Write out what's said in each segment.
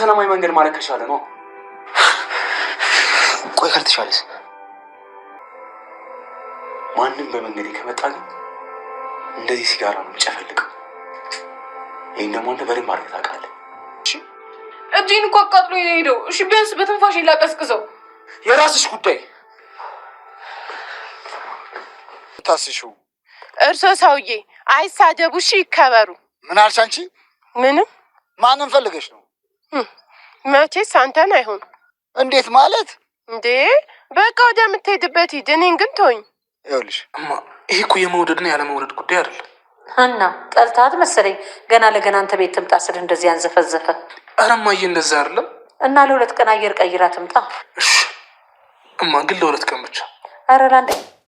ሰላማዊ መንገድ ማለት ከቻለ ነው። ቆይ ካልተቻለስ? ማንም በመንገዴ ከመጣ ግን እንደዚህ ሲጋራ ነው የምጨፈልቀው። ይህን ደግሞ አንተ በደንብ አድርገህ ታውቃለህ። እጅን እኮ አቃጥሎ የሄደው። እሺ ቢያንስ በትንፋሽ ላቀስቅዘው። የራስሽ ጉዳይ ታስሹ። እርሶ ሰውዬ አይሳደቡ፣ እሺ ይከበሩ። ምን አልሽ አንቺ? ምንም። ማንም ፈልገሽ መቼስ አንተን አይሆን። እንዴት ማለት እንዴ? በቃ ወደምትሄድበት ሂድ፣ እኔን ግን ተወኝ። ይኸውልሽ እማ፣ ይሄ እኮ የመውደድና ያለመውደድ ጉዳይ አይደለም። እና ጠልታት መሰለኝ ገና ለገና አንተ ቤት ትምጣ ስልህ እንደዚህ አንዘፈዘፈ። ኧረ እማዬ፣ እንደዛ አይደለም። እና ለሁለት ቀን አየር ቀይራ ትምጣ። እሺ እማ፣ ግን ለሁለት ቀን ብቻ። ኧረ ለአንድ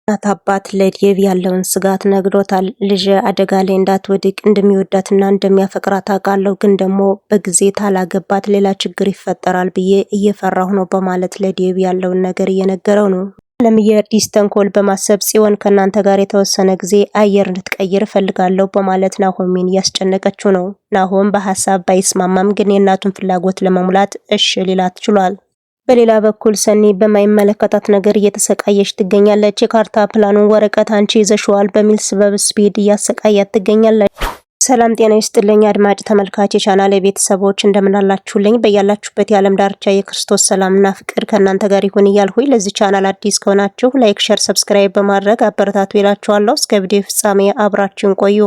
እናት አባት ለዴቭ ያለውን ስጋት ነግሮታል። ልጅ አደጋ ላይ እንዳትወድቅ እንደሚወዳትና እንደሚያፈቅራት አውቃለሁ፣ ግን ደግሞ በጊዜ ታላገባት ሌላ ችግር ይፈጠራል ብዬ እየፈራሁ ነው በማለት ለዴቭ ያለውን ነገር እየነገረው ነው። አለምዬ አዲስ ተንኮል በማሰብ ጽዮን ከእናንተ ጋር የተወሰነ ጊዜ አየር እንድትቀይር እፈልጋለሁ በማለት ናሆሚን እያስጨነቀችው ነው። ናሆም በሀሳብ ባይስማማም ግን የእናቱን ፍላጎት ለመሙላት እሽ ሊላት ችሏል። በሌላ በኩል ሰኒ በማይመለከታት ነገር እየተሰቃየች ትገኛለች። የካርታ ፕላኑን ወረቀት አንቺ ይዘሽዋል በሚል ስበብ ስፒድ እያሰቃያት ትገኛለች። ሰላም ጤና ይስጥልኝ አድማጭ ተመልካች የቻናል ቤተሰቦች እንደምናላችሁልኝ በያላችሁበት የዓለም ዳርቻ የክርስቶስ ሰላምና ፍቅር ከእናንተ ጋር ይሁን እያልሁኝ ለዚህ ቻናል አዲስ ከሆናችሁ ላይክ፣ ሸር፣ ሰብስክራይብ በማድረግ አበረታቱ ይላችኋለሁ። እስከ ቪዲዮ ፍጻሜ አብራችሁን ቆዩ።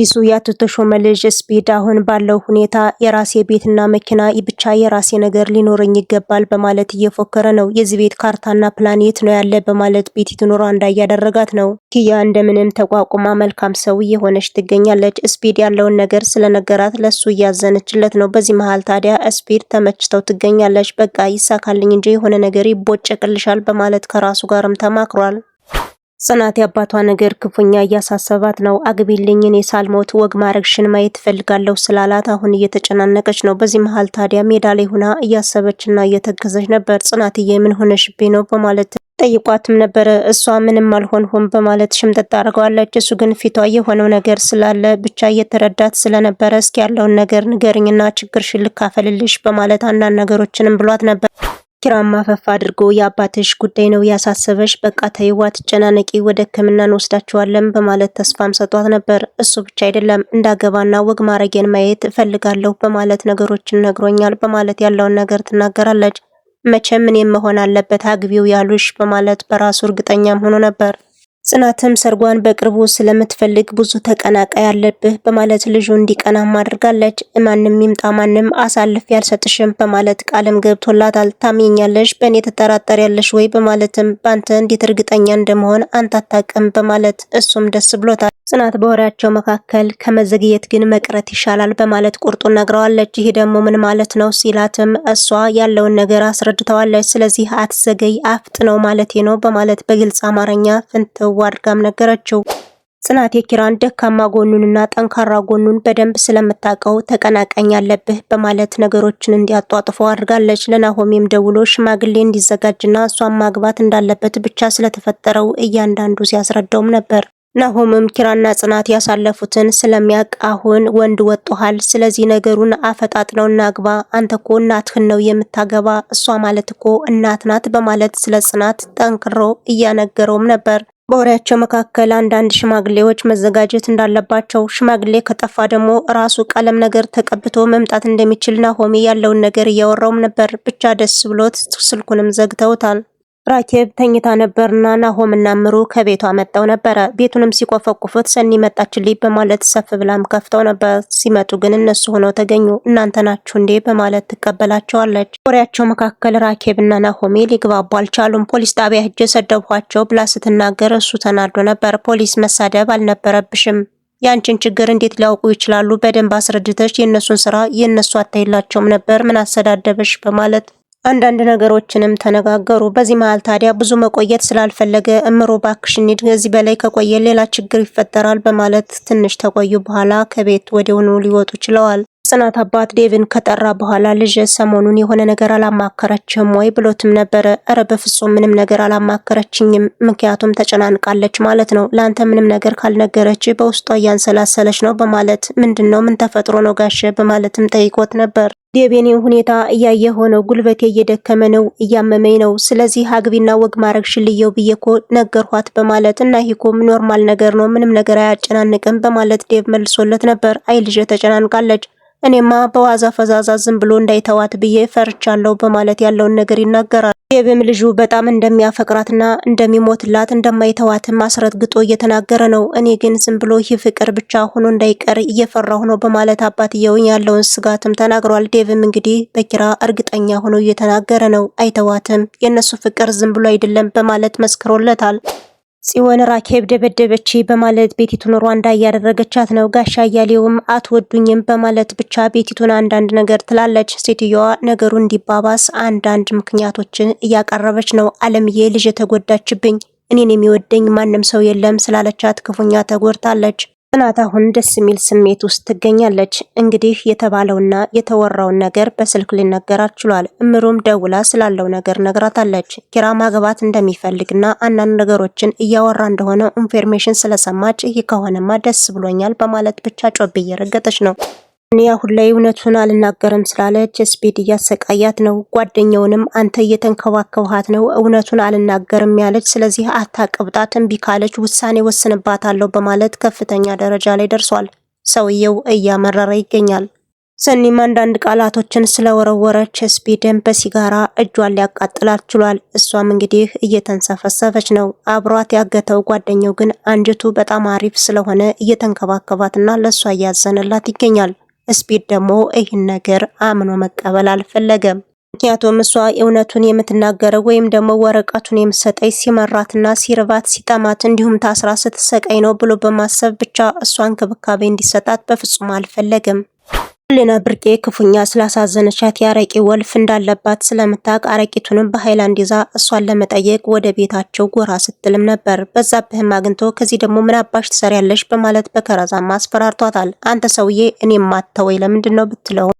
አዲሱ የአቶ ተሾመ ልጅ ስፒድ አሁን ባለው ሁኔታ የራሴ ቤትና መኪና ብቻ የራሴ ነገር ሊኖረኝ ይገባል በማለት እየፎከረ ነው። የዚህ ቤት ካርታና ፕላኔት ነው ያለ በማለት ቤቲቱ አንዳ እያደረጋት ነው። ኪያ እንደምንም ተቋቁማ መልካም ሰው እየሆነች ትገኛለች። ስፒድ ያለውን ነገር ስለነገራት ለሱ እያዘነችለት ነው። በዚህ መሀል ታዲያ ስፒድ ተመችተው ትገኛለች። በቃ ይሳካልኝ እንጂ የሆነ ነገር ይቦጨቅልሻል በማለት ከራሱ ጋርም ተማክሯል። ጽናት የአባቷ ነገር ክፉኛ እያሳሰባት ነው። አግቢልኝን የሳልሞት ወግ ማድረግሽን ማየት ፈልጋለሁ ስላላት አሁን እየተጨናነቀች ነው። በዚህ መሀል ታዲያ ሜዳ ላይ ሁና እያሰበችና እየተገዘች ነበር። ጽናትዬ ምን ሆነሽብኝ ነው በማለት ጠይቋትም ነበረ። እሷ ምንም አልሆንሁም በማለት ሽምጥጥ አድርገዋለች። እሱ ግን ፊቷ የሆነው ነገር ስላለ ብቻ እየተረዳት ስለነበረ እስኪ ያለውን ነገር ንገርኝና ችግርሽን ልካፈልልሽ በማለት አንዳንድ ነገሮችንም ብሏት ነበር። ኪራም ማፈፍ አድርጎ የአባትሽ ጉዳይ ነው ያሳሰበሽ፣ በቃ ተይዋ፣ ትጨናነቂ፣ ወደ ሕክምና እንወስዳችኋለን በማለት ተስፋም ሰጧት ነበር። እሱ ብቻ አይደለም እንዳገባና ወግ ማረጌን ማየት እፈልጋለሁ በማለት ነገሮችን ነግሮኛል በማለት ያለውን ነገር ትናገራለች። መቼም እኔም መሆን አለበት አግቢው ያሉሽ በማለት በራሱ እርግጠኛም ሆኖ ነበር። ጽናትም ሰርጓን በቅርቡ ስለምትፈልግ ብዙ ተቀናቃይ አለብህ በማለት ልጁ እንዲቀናም አድርጋለች። ማንም ይምጣ ማንም አሳልፍ ያልሰጥሽም በማለት ቃልም ገብቶላታል። ታምኛለሽ በእኔ ተጠራጠር ያለሽ ወይ በማለትም በአንተ እንዴት እርግጠኛ እንደመሆን አንተ አታውቅም በማለት እሱም ደስ ብሎታል። ጽናት በወሬያቸው መካከል ከመዘግየት ግን መቅረት ይሻላል በማለት ቁርጡ ነግረዋለች። ይሄ ደግሞ ምን ማለት ነው ሲላትም እሷ ያለውን ነገር አስረድተዋለች። ስለዚህ አትዘገይ አፍጥ ነው ማለቴ ነው በማለት በግልጽ አማርኛ ፍንትው አድርጋም ነገረችው። ጽናት የኪራን ደካማ ጎኑንና ጠንካራ ጎኑን በደንብ ስለምታውቀው ተቀናቃኝ ያለብህ በማለት ነገሮችን እንዲያጧጥፈው አድርጋለች። ለናሆሜም ደውሎ ሽማግሌ እንዲዘጋጅና እሷን ማግባት እንዳለበት ብቻ ስለተፈጠረው እያንዳንዱ ሲያስረዳውም ነበር። ናሆምም ኪራና ጽናት ያሳለፉትን ስለሚያውቅ አሁን ወንድ ወጥቷል፣ ስለዚህ ነገሩን አፈጣጥነው እናግባ፣ አንተ እኮ እናትህን ነው የምታገባ፣ እሷ ማለት እኮ እናት ናት በማለት ስለ ጽናት ጠንክሮ እያነገረውም ነበር። በወሬያቸው መካከል አንዳንድ ሽማግሌዎች መዘጋጀት እንዳለባቸው፣ ሽማግሌ ከጠፋ ደግሞ ራሱ ቀለም ነገር ተቀብቶ መምጣት እንደሚችል ናሆሚ ያለውን ነገር እያወራውም ነበር። ብቻ ደስ ብሎት ስልኩንም ዘግተውታል። ራኬብ ተኝታ ነበርና ናሆምና ምሩ ከቤቷ መጠው ነበረ። ቤቱንም ሲቆፈቁፉት ሰኒ መጣችልኝ በማለት ሰፍ ብላም ከፍተው ነበር። ሲመጡ ግን እነሱ ሆነው ተገኙ። እናንተ ናችሁ እንዴ በማለት ትቀበላቸዋለች። ወሬያቸው መካከል እና ናሆሜ ሊግባቡ አልቻሉም። ፖሊስ ጣቢያ ሂጄ ሰደብኋቸው ብላ ስትናገር እሱ ተናዶ ነበር። ፖሊስ መሳደብ አልነበረብሽም። ያንቺን ችግር እንዴት ሊያውቁ ይችላሉ? በደንብ አስረድተሽ የእነሱን ስራ የእነሱ አታይላቸውም ነበር ምን አሰዳደበሽ በማለት አንዳንድ ነገሮችንም ተነጋገሩ። በዚህ መሀል ታዲያ ብዙ መቆየት ስላልፈለገ እምሮ እባክሽ እንሂድ፣ ከዚህ በላይ ከቆየ ሌላ ችግር ይፈጠራል በማለት ትንሽ ተቆዩ በኋላ ከቤት ወዲያውኑ ሊወጡ ችለዋል። የፅናት አባት ዴቭን ከጠራ በኋላ ልጅ ሰሞኑን የሆነ ነገር አላማከረችም ወይ ብሎትም ነበረ። እረ በፍጹም ምንም ነገር አላማከረችኝም፣ ምክንያቱም ተጨናንቃለች ማለት ነው። ለአንተ ምንም ነገር ካልነገረች በውስጧ እያንሰላሰለች ነው በማለት ምንድን ነው ምን ተፈጥሮ ነው ጋሸ በማለትም ጠይቆት ነበር። ዴቤኔ ሁኔታ እያየ ሆነው ጉልበቴ እየደከመ ነው፣ እያመመኝ ነው። ስለዚህ አግቢና ወግ ማድረግ ሽልየው ብዬ ነገርኋት በማለት እና ይህ ኖርማል ነገር ነው፣ ምንም ነገር አያጨናንቅም በማለት ዴቭ መልሶለት ነበር። አይ ልጄ ተጨናንቃለች እኔማ በዋዛ ፈዛዛ ዝም ብሎ እንዳይተዋት ብዬ ፈርቻለሁ በማለት ያለውን ነገር ይናገራል። ዴቭም ልጁ በጣም እንደሚያፈቅራትና እንደሚሞትላት እንደማይተዋትም አስረግጦ እየተናገረ ነው። እኔ ግን ዝም ብሎ ይህ ፍቅር ብቻ ሆኖ እንዳይቀር እየፈራሁ ነው በማለት አባትየው ያለውን ስጋትም ተናግሯል። ዴብም እንግዲህ በኪራ እርግጠኛ ሆኖ እየተናገረ ነው። አይተዋትም፣ የእነሱ ፍቅር ዝም ብሎ አይደለም በማለት መስክሮለታል። ጽዮን ራኬብ ደበደበች በማለት ቤቲቱን ሯንዳ እያደረገቻት ነው። ጋሻ እያሌውም አትወዱኝም በማለት ብቻ ቤቲቱን አንዳንድ ነገር ትላለች። ሴትዮዋ ነገሩ እንዲባባስ አንዳንድ ምክንያቶችን እያቀረበች ነው። አለምዬ ልጅ የተጎዳችብኝ እኔን የሚወደኝ ማንም ሰው የለም ስላለቻት ክፉኛ ተጎድታለች። ጽናት አሁን ደስ የሚል ስሜት ውስጥ ትገኛለች። እንግዲህ የተባለውና የተወራውን ነገር በስልክ ሊነገራት ችሏል። እምሩም ደውላ ስላለው ነገር ነግራታለች። ኪራ ማግባት እንደሚፈልግና አንዳንድ ነገሮችን እያወራ እንደሆነ ኢንፎርሜሽን ስለሰማች ይህ ከሆነማ ደስ ብሎኛል በማለት ብቻ ጮቤ እየረገጠች ነው። እኔ አሁን ላይ እውነቱን አልናገርም ስላለች ስፔድ እያሰቃያት ነው። ጓደኛውንም አንተ እየተንከባከብሃት ነው እውነቱን አልናገርም ያለች፣ ስለዚህ አታቅብጣት፣ እምቢ ካለች ውሳኔ ወስንባታለሁ በማለት ከፍተኛ ደረጃ ላይ ደርሷል። ሰውየው እያመረረ ይገኛል። ሰኒም አንዳንድ ቃላቶችን ስለወረወረች ስፔድን በሲጋራ እጇን ሊያቃጥላት ችሏል። እሷም እንግዲህ እየተንሰፈሰፈች ነው። አብሯት ያገተው ጓደኛው ግን አንጀቱ በጣም አሪፍ ስለሆነ እየተንከባከባትና ለእሷ እያዘነላት ይገኛል። ስፒድ ደግሞ ይህን ነገር አምኖ መቀበል አልፈለገም። ምክንያቱም እሷ እውነቱን የምትናገረው ወይም ደግሞ ወረቀቱን የምትሰጠኝ ሲመራትና ሲርባት ሲጠማት እንዲሁም ታስራ ስትሰቃይ ነው ብሎ በማሰብ ብቻ እሷ እንክብካቤ እንዲሰጣት በፍጹም አልፈለግም። ሊና ብርቄ ክፉኛ ስላሳዘነቻት የአረቂ ወልፍ እንዳለባት ስለምታውቅ አረቂቱንም በሃይላንድ ይዛ እሷን ለመጠየቅ ወደ ቤታቸው ጎራ ስትልም ነበር። በዛብህም አግኝቶ ከዚህ ደግሞ ምን አባሽ ትሰሪያለሽ በማለት በከረዛማ አስፈራርቷታል። አንተ ሰውዬ እኔ ማተወይ ለምንድን ነው ብትለው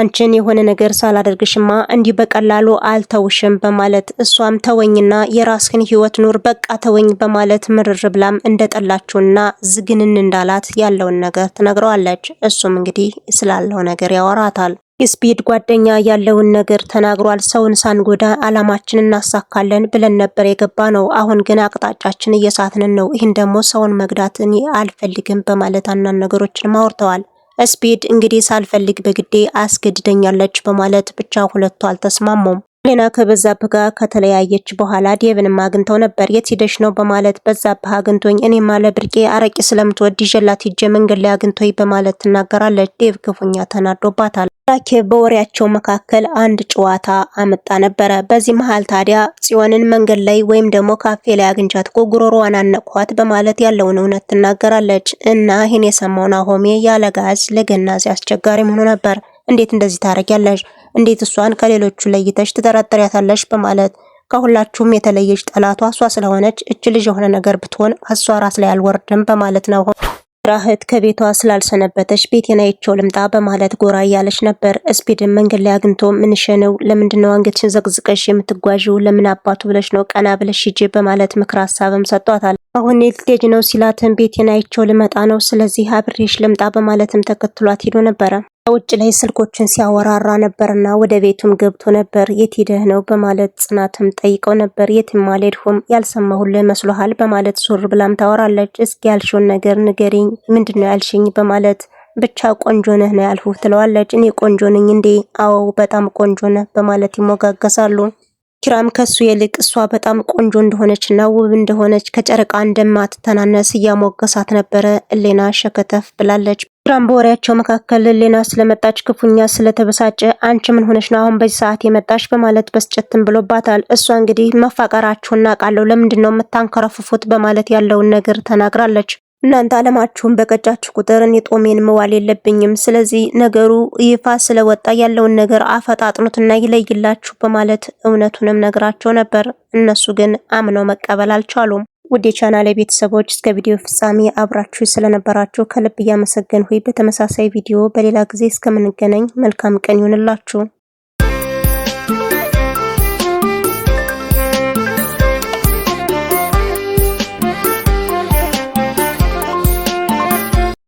አንቺን የሆነ ነገር ሳላደርግሽማ እንዲህ በቀላሉ አልተውሽም በማለት እሷም ተወኝና የራስህን ህይወት ኑር በቃ ተወኝ በማለት ምርር ብላም እንደጠላችውና ዝግንን እንዳላት ያለውን ነገር ትነግረዋለች። እሱም እንግዲህ ስላለው ነገር ያወራታል። የስፒድ ጓደኛ ያለውን ነገር ተናግሯል። ሰውን ሳንጎዳ አላማችንን እናሳካለን ብለን ነበር የገባ ነው። አሁን ግን አቅጣጫችን እየሳትንን ነው። ይህን ደግሞ ሰውን መግዳትን አልፈልግም በማለት አንዳንድ ነገሮችን አውርተዋል። ስፒድ እንግዲህ ሳልፈልግ በግዴ አስገድደኛለች በማለት ብቻ ሁለቱ አልተስማሙም። ሌና ከበዛብህ ጋር ከተለያየች በኋላ ዴቭንም አግኝተው ነበር። የት ሂደሽ ነው በማለት በዛብህ አግኝቶኝ እኔማ ለብርቄ አረቄ ስለምትወድ ይዤላት ሂጄ መንገድ ላይ አግኝቶኝ በማለት ትናገራለች። ዴቭ ክፉኛ ተናዶባታል። ላኬ በወሬያቸው መካከል አንድ ጨዋታ አመጣ ነበረ። በዚህ መሀል ታዲያ ጽዮንን መንገድ ላይ ወይም ደግሞ ካፌ ላይ አግኝቻት እኮ ጉሮሮዋን አነኳት በማለት ያለውን እውነት ትናገራለች። እና ይህን የሰማውን ናሆሜ ያለጋዝ ለገናዚ አስቸጋሪ መሆኑ ነበር። እንዴት እንደዚህ ታደርጊያለሽ? እንዴት እሷን ከሌሎቹ ለይተሽ ትጠረጥሪያታለሽ? በማለት ከሁላችሁም የተለየች ጠላቷ እሷ ስለሆነች እች ልጅ የሆነ ነገር ብትሆን እሷ ራስ ላይ አልወርድም በማለት ነው። ራህት ከቤቷ ስላልሰነበተች ቤቴን አይቼው ልምጣ በማለት ጎራ እያለች ነበር። እስፒድን መንገድ ላይ አግኝቶ ምንሸነው ለምንድን ነው አንገትሽን ዘቅዝቀሽ የምትጓዥው? ለምን አባቱ ብለሽ ነው? ቀና ብለሽ ሂጂ በማለት ምክር ሀሳብም ሰጧታል። አሁን ልትሄጂ ነው ሲላትን ቤቴን አይቼው ልመጣ ነው፣ ስለዚህ አብሬሽ ልምጣ በማለትም ተከትሏት ሄዶ ነበረ። ውጭ ላይ ስልኮችን ሲያወራራ ነበርና ወደ ቤቱም ገብቶ ነበር። የት ሄደህ ነው በማለት ጽናትም ጠይቀው ነበር። የትም አልሄድኩም ያልሰማሁልህ መስሎሃል በማለት ዞር ብላም ታወራለች። እስኪ ያልሽውን ነገር ንገሪኝ፣ ምንድን ነው ያልሽኝ በማለት ብቻ ቆንጆ ነህ ነው ያልሁ ትለዋለች። እኔ ቆንጆ ነኝ እንዴ? አዎ በጣም ቆንጆ ነህ በማለት ይሞጋገሳሉ። ኪራም ከሱ ይልቅ እሷ በጣም ቆንጆ እንደሆነች እና ውብ እንደሆነች ከጨረቃ እንደማትተናነስ እያሞገሳት ነበረ። እሌና ሸከተፍ ብላለች። ኪራም በወሬያቸው መካከል ሌና ስለመጣች ክፉኛ ስለተበሳጨ አንቺ ምን ሆነሽ ነው አሁን በዚህ ሰዓት የመጣሽ በማለት በስጨትን ብሎባታል። እሷ እንግዲህ መፋቀራችሁን እናውቃለሁ፣ ለምንድን ነው የምታንከረፍፉት በማለት ያለውን ነገር ተናግራለች። እናንተ አለማችሁን በቀጫችሁ ቁጥር እኔ ጦሜን መዋል የለብኝም፣ ስለዚህ ነገሩ ይፋ ስለወጣ ያለውን ነገር አፈጣጥኑትና ይለይላችሁ በማለት እውነቱንም ነግራቸው ነበር። እነሱ ግን አምነው መቀበል አልቻሉም። ውድ የቻናል ቤተሰቦች እስከ ቪዲዮ ፍጻሜ አብራችሁ ስለነበራችሁ ከልብ እያመሰገንሁ በተመሳሳይ ቪዲዮ በሌላ ጊዜ እስከምንገናኝ መልካም ቀን ይሁንላችሁ።